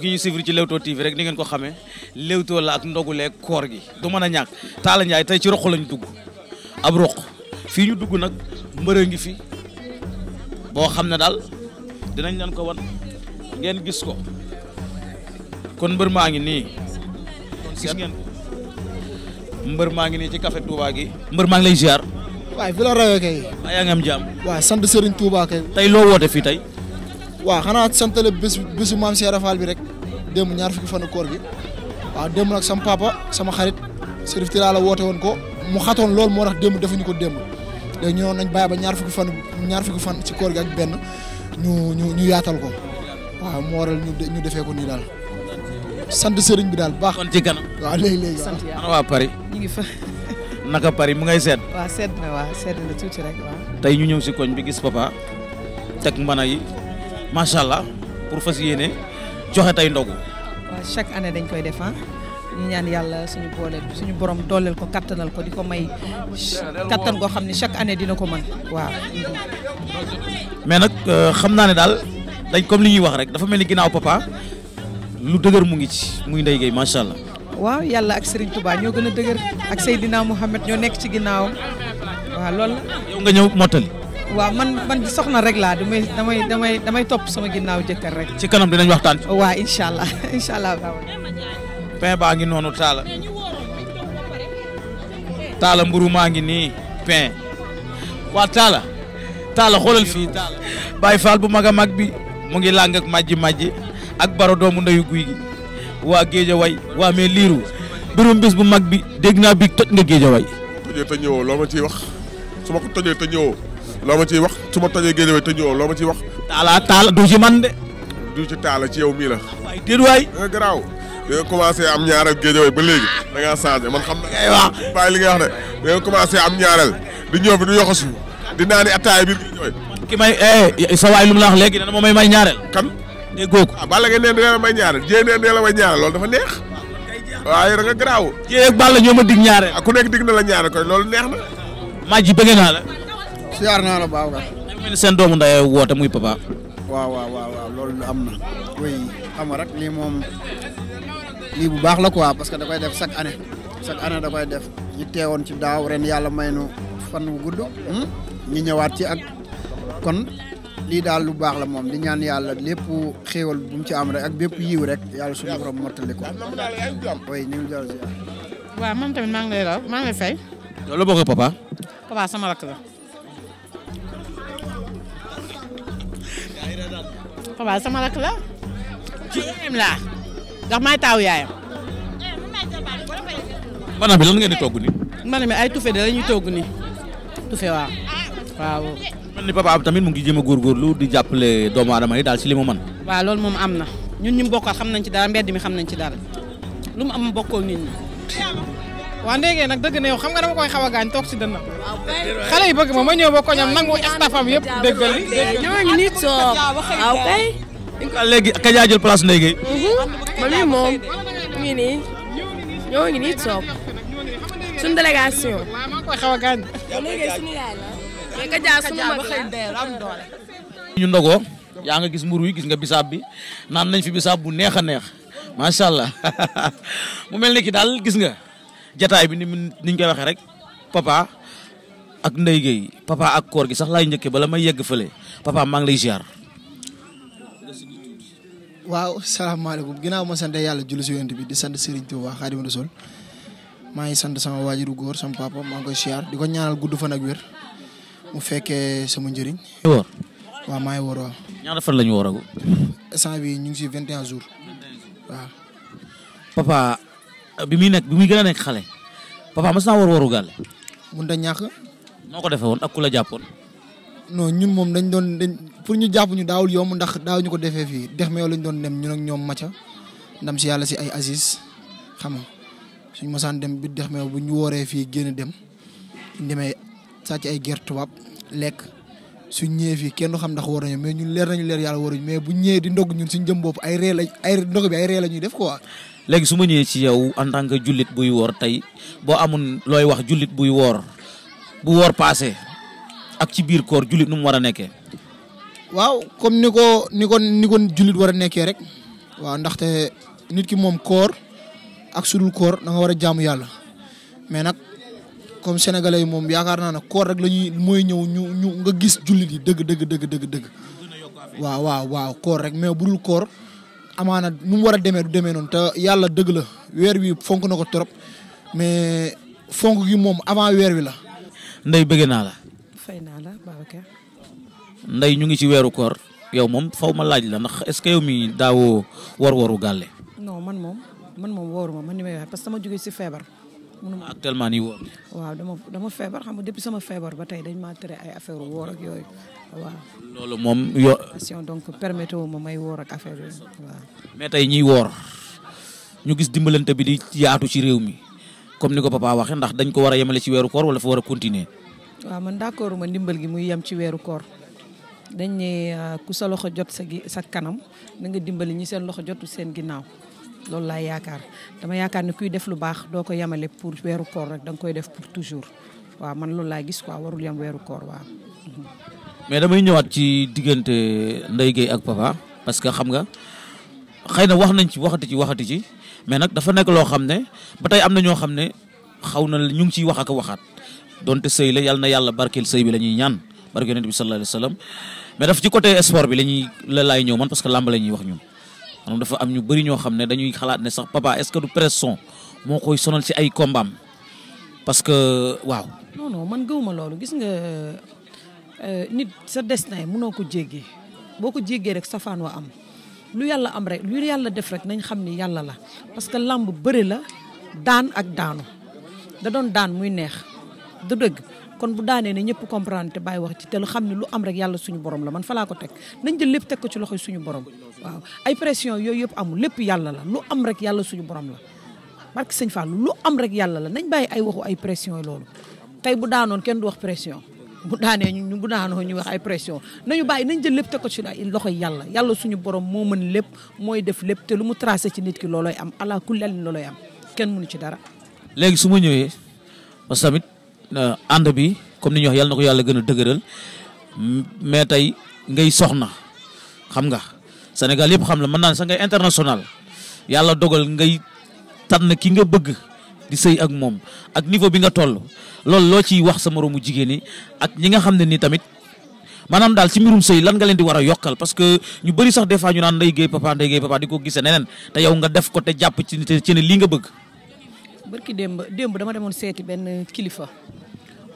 ki ñu suivre ci Leewtoo TV rek ni ngeen ko xamee Leewtoo la ak ndogulee koor gi du mën a ñàkk Talla Ndiaye tey ci roq lañ dugg ab roq fii ñu dugg nag mbërë ngi fi boo xam ne daal dinañ leen ko wan ngeen gis ko kon mbër maa ngi nii gis ngeen ko mbër maa ngi nii ci café Touba gi mbër maa ngi lay ziar. waay fi la rawee kay. yaa ngi am jàmm. waaw sant Serigne Touba kay. tey loo woote fii tey. waa xanaa santale bés bésu maam Cheikh Fall bi rek démb ñaar fukki fan koor gi waaw dem nag sama papa sama xarit Serif Tira la woote woon ko mu xatoon loolu moo tax démb defuñu ko dem léegi ñu nañ bàyyi ba ñaar fukki fan ñaar fukki fan ci koor gi benn ñu ñu ñu yaatal ko waaw moo ñu ñu defee ko nii daal sant sëriñ bi daal baax. kon ci kanam waaw léegi léegi sant yàlla waa pari ñu ngi fa. naka Paris mu ngay sedd. waaw sedd na waaw sedd na tuuti rek tey ñu ñëw si koñ bi gis papa teg mbana yi. macha allah pour fas yéene joxe tey ndogu. waaw chaque année dañ koy def ah. ñu ñaan yàlla suñu boole suñu borom dooleel ko kattanal ko di ko may kattan goo xam ne chaque année dina ko mën waaw. mais nag euh, xam naa ne daal dañ comme li ñuy wax rek dafa mel ni ginnaaw papa lu dëgër mu ngi ci muy Ndeye gay macha allah. waaw yàlla ak Serigne Touba ñoo gën a dëgër ak sey Seydina Mouhamed ñoo nekk ci ginnaawam waaw lool la. yow nga ñëw mottali. waaw man man soxna rek laa damay damay damay damay topp sama ginnaaw jëkkër rek. ci kanam dinañ waxtaan. waaw incha allah allah. pain baa ngi noonu taala taala mburu maa ngi nii pain waa taala taala xoolal fii taala Baye Fall bu mag a mag bi mu ngi làng ak majji majji ak baro doomu ndeyu guy gi waa géej way waa mais liiru mbirum bis bu mag bi dégg naa bi toj nga géej a way tojee te ñëwoo loo ma ciy wax su ma ko tojee te ñëwoo loo ma ciy wax su ma tojee Guédiawaye te ñëwoo loo ma ciy wax. taala taala du ci man de. du ci taala ci yow mii la. waay déet waay. nga eh, garaaw da nga commencé am ñaareel Guédiawaye ba léegi da ngaa changé xam naa. aywa eh, bàyyi li nga wax de da nga commencé am ñaareel di ñëw fi du yoxasu di naan attaay bi ñooy. ki may eh, sa waay lu mu la wax may may ñaareel. kan déggoo ko. ah Balla ngay neen dina may ñaareel jéey neen la may ñaareel loolu dafa neex. waaye da nga garaaw. jéey ak ñoo ma dig ñaareel. Ah, ku nekk dig na la ñaareel koy loolu neex na. maa ji bëgg naa la. siyaar naa la baaw ga seen doomu ndaye woote muy papa waaw waaw waaw loolu am na oui xam rek lii moom lii bu baax la quoi parce que da def chaque année chaque année da koy def ñu teewoon ci daaw yàlla may nu fan wu gudd hmm? ñu ñëwaat ci ak kon lii daal lu baax la moom li ñaan yàlla lépp xéewal bu ci am rek ak bépp yiw rek yàlla suñu borom mottali ko oui tamit maa lay raw maa ngi fay loolu bokk papa papa Papa sama rakk la ci yaayam laa ndax maay taaw yaayam. mbana bi lan ngeen di togg nii. mbana bi ay tufe de la ñuy ni nii tufe waaw waaw. man ni papa tamit mu ngi jéem a góorgóorlu di jàppale doomu adama yi daal ci li mu mën. waaw loolu moom am na ñun ñu mu bokkal xam nañ ci dara mbedd mi xam nañ ci dara lu mu am bokkoo nit ñi. waa ndéegee nag dëgg ne yow xam nga dama koy xaw a gaañ toog si dënnam xale yi bëgg ma ma ñëw ba koñam yëpp déggal li ah, ah, léegi ka place ndéegee mm-hmm. ma mii moom ngi nii ñoo ngi nii toog suñu délégation waaw maa koy xaw a gaañ yaa nga gis mburu yi gis nga bisaab bi naan nañ fi bisaab bu neex a neex macha allah mu mel ni daal gis nga jataay bi ni niñ koy waxee rek papa ak Ndeye Gueye papa ak koor gi sax laay njëkkee bala may yegg fële papa maa ngi lay ziar. waaw salaamaaleykum ginnaaw ma sant yàlla julli si yonent bi di sant Serigne Touba Xaadimu Rasuul maa ngi sant sama waajuru góor sama papa maa ngi koy ziar di ko ñaanal gudd fan ak wér mu fekkee sama njëriñ. woor waaw maa ngi woor waaw. ñaata fan lañu ñu wooragu. instant bi ñu ngi si 21 jours waa papa. bi muy nekk bi muy gën a nekk xale papa mas naa waru gàlle mun da ñàkk noo ko defee woon ak ku la jàppoon non ñun moom dañ doon dañ pour ñu jàpp ñu daawul yomb ndax daaw ñu ko defee fii dex meew lañ doon dem ñun ak ñoom maca ndam si yàlla si ay Aziz xam nga suñ mosaan dem bi dex meew bu ñu wooree fii génn dem demee sàcc ay gerte tubaab lekk suñ ñëwee fi kenn du xam ndax war nañu mais ñun leer nañu leer yàlla waruñu mais bu ñëwee di ndog ñun suñ jëm bopp ay ree la ay ndog bi ay la ñuy def quoi. léegi su ma ñëwee ci yow en tant que jullit buy woor tey boo amun looy wax julit buy woor bu woor passé ak ci biir koor julit nu mu war a nekkee. waaw comme ni ko ni ko ni ko jullit war a nekkee rek waaw ndaxte nit ki moom koor ak sudul koor da nga war a jaamu yàlla mais nag. comme sénégalais yi moom yaakaar naa ne koor rek la ñuy mooy ñëw ñu ñu nga gis jullit yi dëgg dëgg dëgg dëgg dëgg waaw waaw waaw koor rek mais bu dul koor amaana nu mu war a demee du demee noonu te yàlla dëgg la weer wi fonk na ko trop mais fonk gi moom avant weer wi la. Ndeye bëgg naa la. fay naa la Babacar. Ndeye ñu ngi ci weeru koor yow moom faw ma laaj la ndax est-ce que yow mi daawoo war-waru gàlle. non man moom man moom wóoruma man ni may wax parce que sama jógee ci feebar. mënuma actuellement nii woor waaw dama dama feebar xam nga depuis sama feebar ba tey dañ maa tere ay affaire woor ak yooyu waaw. loolu moom yo. donc permettre wu may woor ak affaire mais tey ñiy woor ñu gis dimbalante bi di yaatu ci réew mi comme ni ko papa waxee ndax dañ ko war a yemale ci weeru koor wala fa war a continuer. waaw man d'accord ma ndimbal gi muy yem ci weeru koor. dañ ne ah, ku sa loxo jot sa gi sa kanam na nga dimbali ñi seen loxo jotu seen ginnaaw loolu laay yaakaar dama yaakaar ne kuy def lu baax doo ko yemale pour weeru koor rek da nga koy def pour toujours waaw man loolu laay gis quoi warul yem weeru koor waaw. mais damay ñëwaat ci diggante Ndeye Gueye ak Papa parce que xam nga xëy na wax nañ ci waxati ci waxati ci mais nag dafa nekk loo xam ne ba tey am na ñoo xam ne xaw na ñu ngi ciy wax ak waxaat donte sëy la yàlla na yàlla barkeel sëy bi la ñuy ñaan barke yonent bi sallallahu alayhi wa sallam mais daf ci côté sport bi la ñuy la laay ñëw man parce que làmb la ñuy wax ñun. moom dafa am ñu bëri ñoo xam ne dañuy xalaat ne sax papa est-ce que du pression moo koy sonal si ay kombaam parce que waaw. non non man gëwuma loolu gis nga euh, nit sa destin mënoo ko jéggee boo ko jéggee rek safaan wa am lu yàlla am rek lu yàlla def rek nañ xam ni yàlla la parce que làmb bëri la daan ak daanu da doon daan muy neex du dëgg kon bu daanee ne ñëpp comprendre te bàyyi wax ci te lu xam ne lu am rek yàlla suñu borom la man falaa laa ko teg nañ jël lépp teg ko ci loxoy suñu borom waaw ay pression yooyu yëpp amul lépp yàlla la lu am rek yàlla suñu borom la barke sëñ Fall lu am rek yàlla la nañ bàyyi ay waxu ay pression loolu tey bu daanoon kenn du wax pression bu daanee ñu bu daanoo ñu wax ay pression nañu bàyyi nañ jël lépp te ko ci loxoy yàlla yàlla suñu borom moo mën lépp mooy def lépp te lu mu tracé ci nit ki looloy am ala kulli looloy am kenn mënu ci dara. léegi su ma ñëwee Euh, ànd bi comme ni ñu wax yàlla na ko yàlla gën a dëgëral mais tey ngay soxna xam nga Sénégal yëpp xam la mën naa sax ngay international yàlla dogal ngay tànn ki nga bëgg di sëy ak moom ak niveau bi nga toll loolu loo ciy wax sa moroomu jigéen ñi ak ñi nga xam ne ni tamit maanaam daal ci mbirum sëy lan nga leen di war a yokkal parce que ñu bëri sax des fois ñu naan nday géey papa nday géey papa di ko gisee neneen te yow nga def ko te jàpp ci ci ne lii nga bëgg. barki démb démb demoon seeti benn kilifa.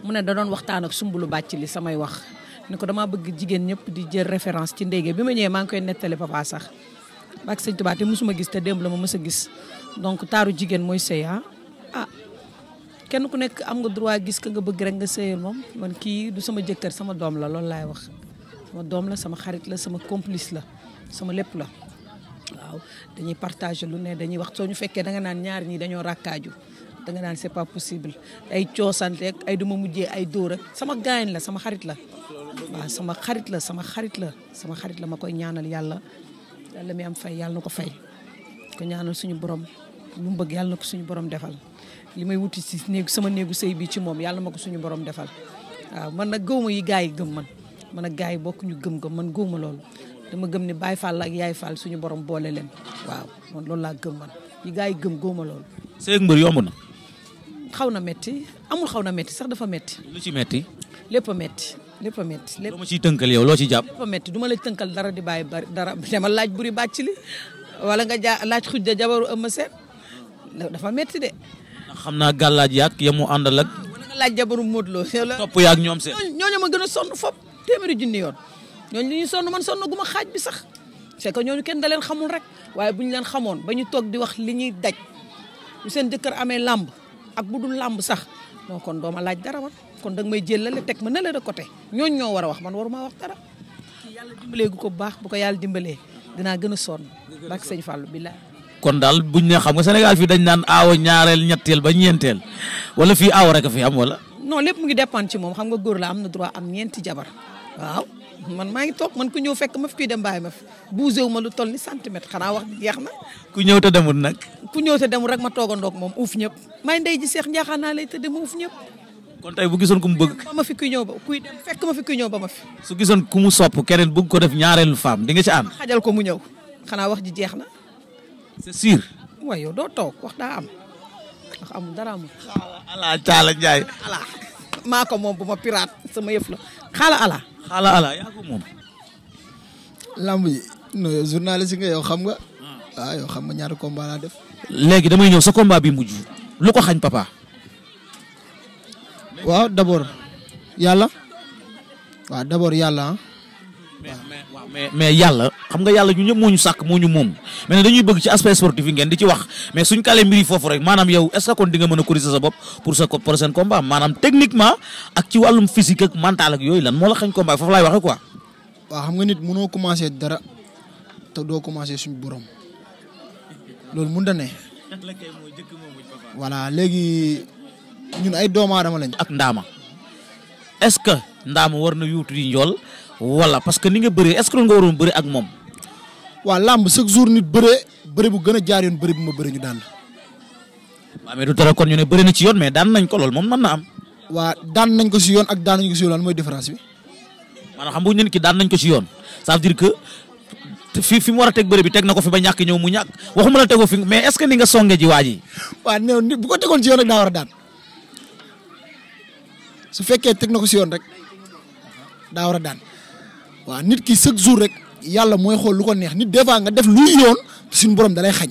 mu ne da doon waxtaan ak lu bàcc li samay wax ni ko damaa bëgg jigéen ñëpp di jël référence ci ndéegee bi ma ñëwee maa ngi koy nettali papa sax bak sëñ Tuubaa te suma gis te démb la ma mës a gis donc taaru jigéen mooy sëy ah. ah kenn ku nekk am nga droit gis ka nga bëgg rek nga sëyal moom man kii du sama jëkkër sama doom la loolu laay wax sama doom la sama xarit la sama complice la sama lépp la waaw dañuy partage lu ne dañuy wax soo ñu fekkee da naan ñaar ñi dañoo ràkkaaju da nga naan c'est pas possible ay coosaan rek ay du ma mujjee ay dóor rek sama gaañ la sama xarit la waaw sama xarit la sama xarit la sama xarit la ma koy ñaanal yàlla yàlla mi am fay yàlla na ko fay ko ñaanal suñu borom lu mu bëgg yàlla na ko suñu borom defal li may wuti si néegu sama néegu sëy bi ci moom yàlla ma ko suñu borom defal waaw man nag gëwma yi gars yi gëm man man ak gars yi bokk ñu gëm-gëm man gëwma loolu dama gëm ne Baye Fall ak Yaay Fall suñu borom boole leen waaw man loolu laa gëm man yi yi gëm gëwma loolu sëy ak mbër na xaw na metti amul xaw na metti sax dafa metti lu ci metti lépp a metti lépp a metti lépp ma ciy tënkal yow loo ci jàpp lépp a metti du la tënkal dara di bàyyi bari dara dama laaj buri bàcc li wala nga jaa laaj xuj da jabaru ëmma seen dafa metti de xam naa gàllaaj yaag yamu àndal ak laaj jabaru Modou Lo topp yaag ñoom seen ñooñu ma gën a sonn fop téeméeri junni yoon ñooñu li sonn man sonn gu ma xaaj bi sax c'est que ñooñu kenn da leen xamul rek waaye bu ñu leen xamoon ba ñu toog di wax li ñuy daj bu seen jëkkër amee làmb ak bu dul làmb sax moo kon dooma laaj dara wan kon danga may jëlale teg ma nala de côté ñooñ ñoo war a wax man waruma wax dara yàlla gu ko bu baax bu ko yàlla dimbalee dinaa gën a sonn bak sëñ Fallou billaay kon daal buñ ne xam nga Sénégal fii dañ naan aawa ñaareel ñetteel ba ñeenteel wala fii aawa rek fi am wala non lépp mu ngi dépendre ci moom xam nga góor la am na droit am ñeenti jabar waaw man maa ngi toog man ku ñëw fekk ma fi kuy dem baay ma fi bougé wu ma lu toll ni centimètre xanaa wax bi jeex na. ku ñëw te demul nag. ku ñëw te demul rek ma toogandoog moom uuf ñëpp may ndey ji seex njaaxaan naa lay te dem uuf ñëpp. kon tey bu gisoon ku mu bëgg. ba ma fi kuy ñëw ba kuy dem fekk ñëw ba ma fi. su gisoon ku mu sopp keneen bëgg ko def ñaareelu femme di nga ci ànd. xajal ko mu ñëw xanaa wax ji jeex na. c'est sûr. waaye doo toog wax daa am wax dara amul. ala caala Ndiaye. ala moom bu ma pirate sama yëf la xaala ala. xaala ala yaa moom. lamb yi no journaliste nga yow xam nga. waaw ah, yow xam nga ñaari kombalaa def. léegi damay ñëw sa combat bi mujj lu ko xañ papa. waaw d' abord yàlla. waaw d' abord yàlla ah. mais mais yàlla xam nga yàlla ñu ñëpp moo ñu sàkk moo ñu moom mais dañuy bëgg ci aspect sportif yi ngeen di ci wax mais suñ kale mbiri foofu rek maanaam yow est kon di nga a corriger sa bopp pour sa prochain combat maanaam techniquement ak ci wàllum physique ak mental ak yooyu lan moo la xañ combat foofu laay waxee quoi waaw xam nga nit mënoo commencé dara te doo commencé suñu borom loolu mun da ne voilà léegi ñun ay doomu aadama lañ ak ndaama est ce que ndaama war na yuutu di njool wala parce que ni nga bëree est-ce que nga waroon bëri ak moom. waaw làmb chaque jour nit bëree bëri bu gën a jaar yoon bëri bu ma bëri ñu daan. waaw mais du dara kon ñu ne bëri na ci yoon mais daan nañ ko lool moom mën na am. waa daan nañ ko si yoon ak daan nañ ko si yoon lan mooy différence bi. maanaam xam bu ñu ne ki daan nañ ko si yoon ça veut dire que fi fi mu war a teg bëri bi teg na ko fi ba ñàkk ñëw mu ñàkk waxuma la tegoo fi mais est-ce que ni nga songe ji waa ji. waaw néew nit bu ko tegoon si yoon rek daa war a daan su fekkee teg na ko si yoon rek daa war a daan. waaw nit ki chaque jour rek yàlla mooy xool lu ko neex nit des fois nga def luy yoon suñu borom dalay xañ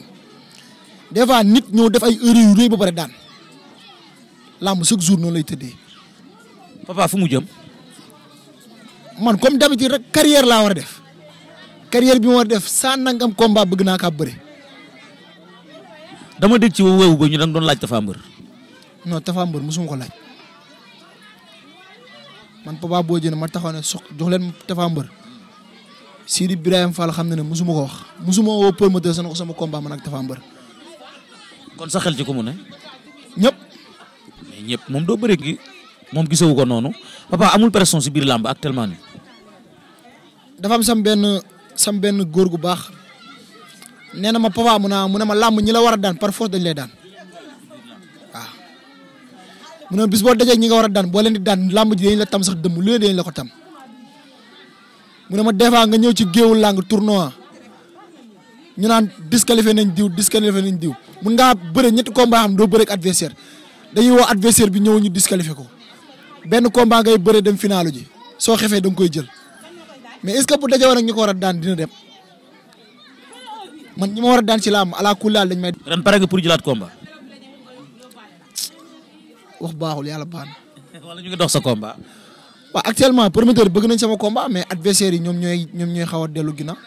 des fois nit ñoo def ay erreur yu ba pare daan làmb chaque jour noonu lay tëddee. papa fu mu jëm. man comme d'habitude rek carrière laa war a def carrière bi ma war def saa nangam combat bëgg naa ka bëri. dama dégg ci woowu ba ñu da doon laaj Tapha Mbeur. non Tapha Mbeur mosuma ko laaj. man Papa Boy Djiné ma taxaw ne sox jox leen Tapha Mbeur Sidi Ibrahima Fall xam na ne mosuma ko wax mosuma woo promoteur sana ko sama combat man ak Tapha kon sa xel ci ku ne ñëpp mais moom doo bëri gi moom gisawu ko noonu papa amul pression si biir lamb actuellement ni dafam am sam benn sam benn góor gu baax nee na ma papa mu naa mu ne ma lamb ñi la war a daan par force dañ lay daan mu ne boo dajee ñi nga war a daan boo leen di daan làmb ji dañ la tam ne dañ ko tam mu ne ma des nga ñëw ci géewu làng tournoi ñu naan disqualifié nañ diw disqualifié nañ diw mun ngaa bëre ñetti combat am doo bëre ak adversaire dañuy woo adversaire bi ñëw ñu disqualifié ko benn combat ngay bëre dem finaalu ji soo xefee da koy jël mais est-ce que bu daje woon ak ñi ko war a daan dina dem man ñi ma war a daan ci làmb ala kulli dañ may. ren pare nga pour jëlaat combat. wax baaxul la baax na. wala ñu ngi dox sa combat. waaw actuellement promoteur bëgg nañ sama combat mais adversaire yi ñoom ñooy ñoom ñooy xaw a dellu ginnaaw.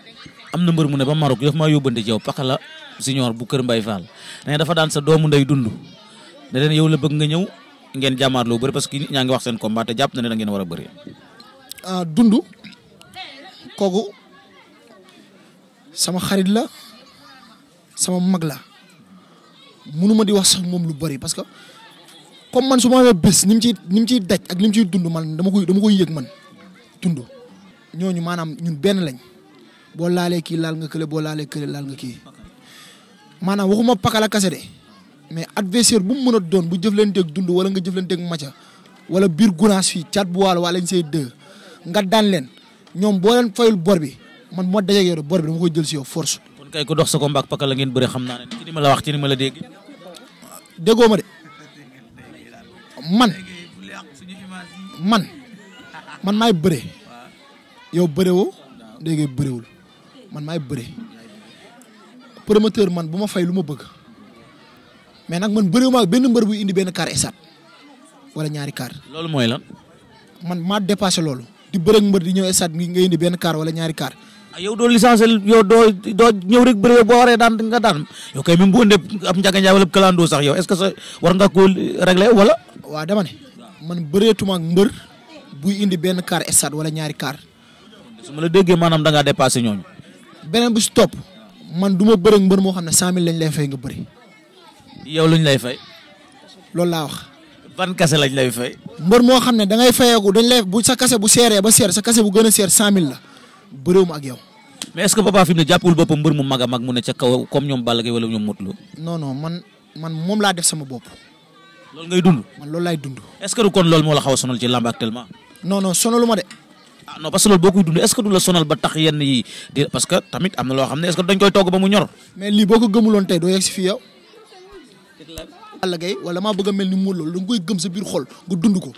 am na mbër mu ne ba Maroc daf maa yóbbante ci yow Pakala Junior bu Kër Mbaye Fall ne dafa daan sa doomu ndey dund ne yow la bëgg nga ñëw ngeen jàmmaarloo parce que ñaa ngi wax seen combat te jàpp na ne da ngeen war a bëri. Ah, sama xarit la sama mag la mënu ma di wax sax lu bëri parce que. comme man su ma amee bés ni mu ciy ni mu ciy daj ak ni mu ciy dund man dama koy dama koy yëg man dund ñooñu maanaam ñun benn lañ boo laalee kii laal nga kële boo laalee kële laal nga kii maanaam waxuma pakala kase de mais adversaire bu mu mën a doon bu jëflanteeg dund wala nga jëflanteeg maca wala biir gunaas fii cat bu waalo waa lañ say deux nga daan leen ñoom boo leen fayul boor bi man moo dajeeg yow bor bi dama koy jël si yow force. kon kay ko dox sa combat ak pakala ngeen bëri xam naa ne ci ma la wax ci ni ma la dégg. déggoo ma man man man maay bëre yow bëre woo léegi bëriwul man maay bëre promoteur man bu ma fay lu ma bëgg mais nag man bëriwuma ak benn mbër bu indi benn kaar esat wala ñaari kaar loolu mooy lan. man maa dépassé loolu. di bëreeg mbër di ñëw esat ngi nga indi benn car wala ñaari car. yow doo licence yow doo doo ñëw rek bëre boo waree daan nga daan yow kay même bu ëndee ab njaga njaay wala kalandoo sax yow est-ce que sa war nga ko régler wala. waa dama man bëreetuma ak mbër bu indi benn car stade wala ñaari car. su ma la déggee maanaam da ngaa dépassé ñooñu. beneen bu si topp man du ma bëre mbër moo xam ne cent mille lañ lay fay nga bëri. yow lañ lay fay. loolu laa wax. ban kase lañ lay fay. mbër moo xam ne da ngay fayeeku dañ lay bu sa kase bu seeree ba seer sa kase bu gën a seer cent mille la. bëréew ma ak yow mais est-ce que papa fi mu ne jàppul boppam mbër mu mag a mag mu ne ca kaw comme ñoom Balla Gaye wala ñoom Modou Lo non non man sama bopp loolu ngay dund loolu laay dund est-ce que kon loolu moo xaw a sonal ci làmb actuellement non non sonalu ma de ah non parce que loolu boo sonal ba tax yenn yi parce que tamit am na loo xam ne est-ce que dañ koy togg ba mu boo ko gëmuloon tey doo yegg si wala maa bëgg mel ni Modou Lo da koy gëm sa biir xol nga dund ko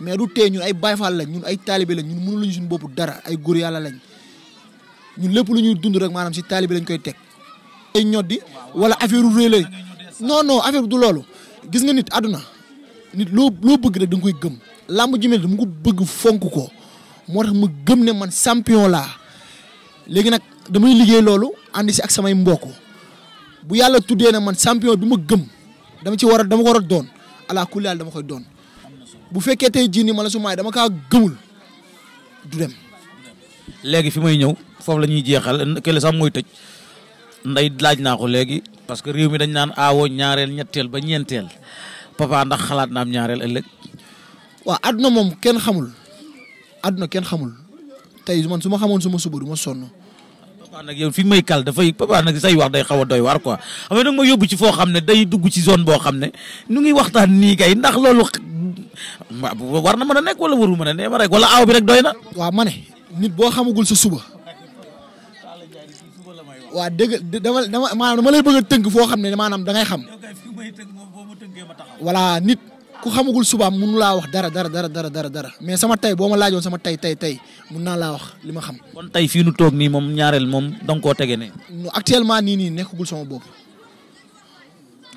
mais du tee ñun ay Baay Faal lañ ñun ay taalibe lañ ñun mënuluñ suñu bopp dara ay góor yàlla lañ ñun lépp lu ñuy dund rek maanaam si taalibe lañ koy teg. ay ñoddi wala affaire ru noonoo la affaire du loolu gis nga nit àdduna nit loo loo bëgg rek da koy gëm làmb ji mel dama ko bëgg fonk ko moo tax ma gëm ne man champion laa léegi nag damay liggéey loolu ànd si ak samay mbokk bu yàlla tuddee ne man champion bi ma gëm dama ci war a dama war a doon ala kulli dama koy doon. bu fekkee tey jii nii ma la su maay dama ka gëmul du dem. léegi fi may ñëw foofu la ñuy jeexal kële sax mooy tëj nday laaj naa ko léegi parce que réew mi dañ naan awoo ñaareel ñetteel ba ñeenteel papa ndax xalaat na am ñaareel ëllëg. waaw àdduna moom kenn xamul àdduna kenn xamul tey man suma xamoon suma suba du ma sonn. papa nag yow fi may kal dafay papa nag say wax day xaw doy waar quoi xam nga nag ma yóbbu ci foo xam ne day dugg ci zone boo xam ne nu waxtaan nii waaw war na ma a nekk wala waru mën a nekk rek wala aw bi rek doy na. waaw ma ne nit boo xamagul sa suba. waa dëgg dama dama maanaam dama lay bëgg a tënk foo xam ne maanaam da ngay xam. voilà nit ku xamagul suba subaam mënu laa wax dara dara dara dara dara mais sama tey boo ma laajoon sama tey tey tay mun naa laa wax li ma xam. kon tey fii nu toog nii moom ñaareel moom da nga koo tege ne. actuellement nii nii nekkagul sama bopp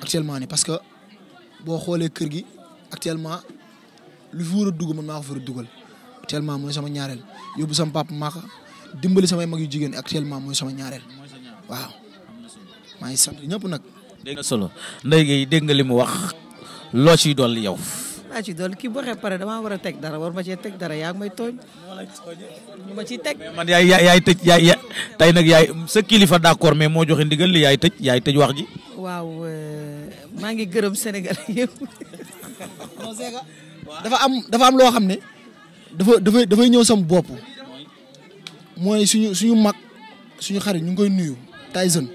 actuellement nii parce que boo xoolee kër gi actuellement. lu fi war a dugg man maa ko fi war a dugal actuellement mooy sama ñaareel yóbbu sama papa maaka dimbali samay mag yu jigéen actuellement mooy sama ñaareel waaw maa ngi sant ñëpp nag. dégg nga solo Ndeye Gueye nga li mu wax loo ciy dolli yow. laa ci dolli kii boo xee pare damaa war a teg dara war ma cee teg dara yaa ngi may tooñ. ma ciy teg. man yaay yaay tëj yaay ya tey nag yaay sa kilifa d'accord mais moo joxe ndigal li yaay tëj yaay tëj wax ji. waaw euh, maa ngi gërëm Sénégal yëpp. dafa am dafa am loo xam ne dafa dafay dafay ñëw sam bopp mooy suñu suñu mag suñu xarit ñu ngi koy nuyu Tyson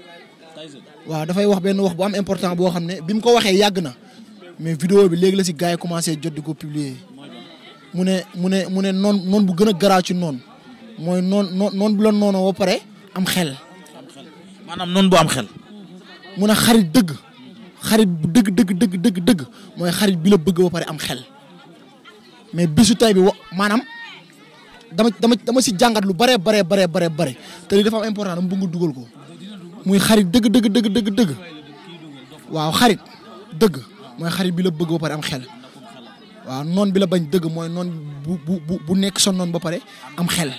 waaw dafay wax benn wax bu am important boo xam ne bi mu ko waxee yàgg na mais vidéo bi léegi la si gars yi commencé jot di ko publier mu ne mu ne mu ne noon noon bu gën a garaaw ci noon mooy noon noon noon bu la noonoo ba pare am xel maanaam noonu bu am xel mu ne xarit dëgg xarit bu dëgg dëgg dëgg mooy xarit bi la bëgg ba pare am xel mais bisu tay bi maanaam dama dama dama si jàngat lu bare bare bare bare bare te li dafa am important dama bëgg dugal ko muy xarit dëgg dëgg dëgg waaw xarit dëgg mooy xarit bi la bëgg ba pare am xel waaw noon bi la bañ dëgg mooy noon bu nekk son noon ba pare am xel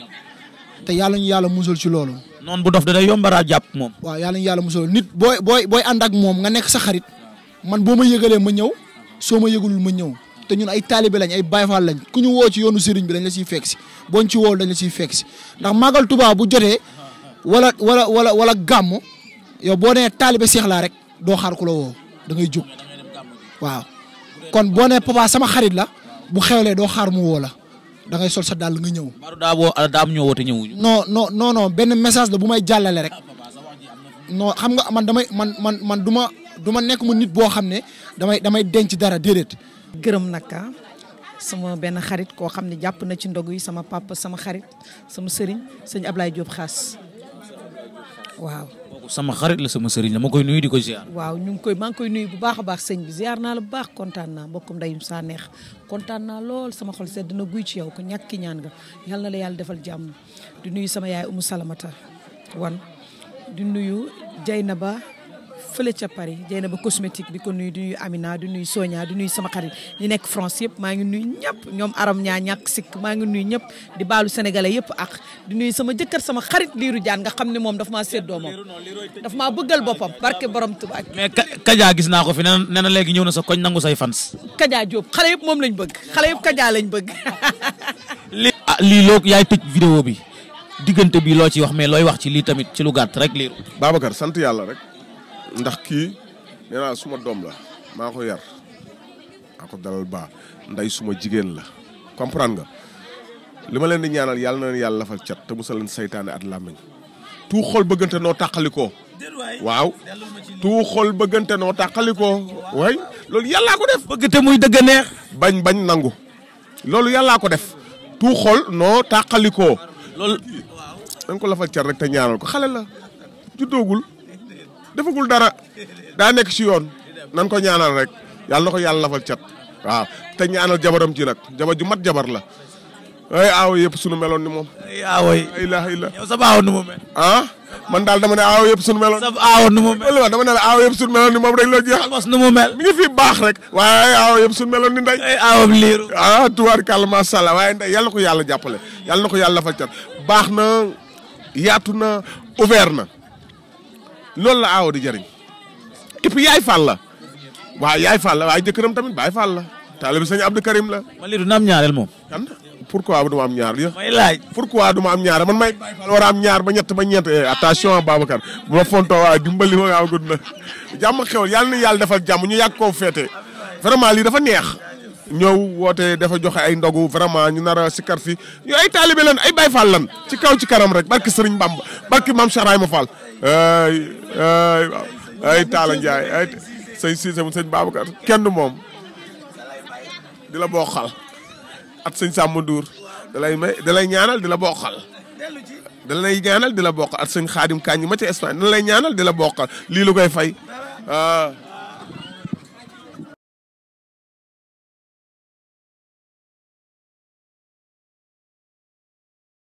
te yàlla ñu yàlla musal si loolu. noonu bu dof da day yombaraa jàpp moom. waaw yàlla ñu yàlla musal nit booy booy booy ànd ak moom nga nekk sa xarit man boo ma yëgalee ma ñëw soo ma yëgalul ma ñëw. te ñun ay taalibe lañ ay bayfaal lañ ku ñu woo ci yoonu sëriñ bi dañ la siy fekk si booñ ci woo dañ la siy fekk si ndax màggal Tuubaa bu jotee walla wala wala wala gàmm yow boo nee taalibe seex rek doo xaar ku la woo da ngay jóg waaw kon boo nee papa sama xarit la bu xewlee doo xaar mu la da ngay sol sa dàll nga ñëw. daa boo ah, daa am ñoo ñëwuñu. non non non non benn message la bu may jàllale rek non xam nga man damay man man man du ma du ma nekk mu nit boo xam ne damay damay denc dara déedéet. gërëm naka sama benn xarit koo xam ne jàpp na ci ndog yi sama papa sama xarit sama sëriñ sëñ ab laay Diop xas waaw. sama xarit la sama sëriñ la ma koy nuyu di ko ziar. waaw ñu ngi koy koy nuyu bu baax a baax sëñ bi ziar naa la bu baax kontaan naa mbokkum ndeyum saa neex kontaan naa lool sama xol sedd na guy ci yow ko ñàkki ñaan nga yal na la yàlla defal jàmm di nuyu sama yaay umu salamata wan di nuyu Jaynaba fële ca Paris jëy na ba cosmétique bi ko nuyu du nuyu Amina du nuyu Sonia du nuyu sama xarit ñi nekk France yëpp maa ngi nuyu ñëpp ñoom aram ñaa ñàkk sikk maa ngi nuyu ñëpp di baalu sénégalais yëpp ak di nuyu sama jëkkër sama xarit liiru jaan nga xam ne moom dafa maa séddoo moom dafa maa bëggal boppam barke borom tubaab mais Kaja gis naa ko fi nee na léegi ñëw na sa koñ nangu say fans Kaja Diop xale yëpp moom lañ bëgg xale yëpp Kaja lañ bëgg ah, lii ah yaay tëj vidéo bi diggante bi loo ci wax mais looy wax ci lii tamit ci lu gàtt rek liiru Babacar sant yàlla rek ndax kii nee naa suma doom la maa ko yar ako ko dalal baa nday suma jigéen la comprendre nga li ma leen di ñaanal yàlla na leen yàlla lafal cat te musal leen seytaane at làmmiñ tuu xol bëggante noo tàqalikoo waaw tuu xol bëggante noo tàqalikoo waay loolu yàllaa ko def bëgg muy dëgg neex bañ bañ nangu loolu yàllaa ko def tuu xol noo tàqalikoo loolu dañ ko lafal cat rek te ñaanal ko xale la juddoogul defagul dara daa nekk ci yoon nan ko ñaanal rek yàlla na ko yàlla lafal cat waaw te ñaanal jabaram ci nag jabar ju mat jabar la ay aawo yëpp sunu meloon ni moom. ay aawo yi la ay nu mu mel. ah man daal dama ne aawo yëpp sunu meloon. sa aawo nu mu mel ne la aawo yëpp sunu ni moom rek la jeexal. mos nu mi ngi fi baax rek. waaye meloon ni nday ay aawo liiru. ah tubaarkàlla allah waaye nday yàlla ko yàlla jàppale yàlla ko yàlla lafal cat baax na yaatu na ouvert na. loolu la aawo di jëriñ képp yaay Fall la waaw yaay Fall la waaye jëkkëram tamit baay Fall la taalibe sëñ Abdou Karim la. man lii du na am ñaareel moom. du ma am ñaar. may laaj pourquoi du ma am ñaar man may baay Fall war am ñaar ba ñett ba ñeent eh, attention Babacar bu ma fontoo waa dimbali ma ngaa gudd na jàmm xewal yàlla na yàlla defal jàmm ñu yàgg koo féete vraiment lii dafa neex. ñow woote dafa joxe ay ndogu vraiment ñu nar a sikkar fi ñu ay taalibe lan ay Baay Faal lan ci kaw ci kanam rek barki Sëriñ Bamba barki Maam Charaay ma fal ay ay ay Taala Njaay ay sëñ Siise mu sëñ Babacar kenn moom di la boo xal at sëñ Sàmm Duur da lay may ñaanal di la boo da lay ñaanal di la bokk at sëñ Xaadim Kañ ma ci Espagne da lay ñaanal di la bokkal lii lu koy fay ah.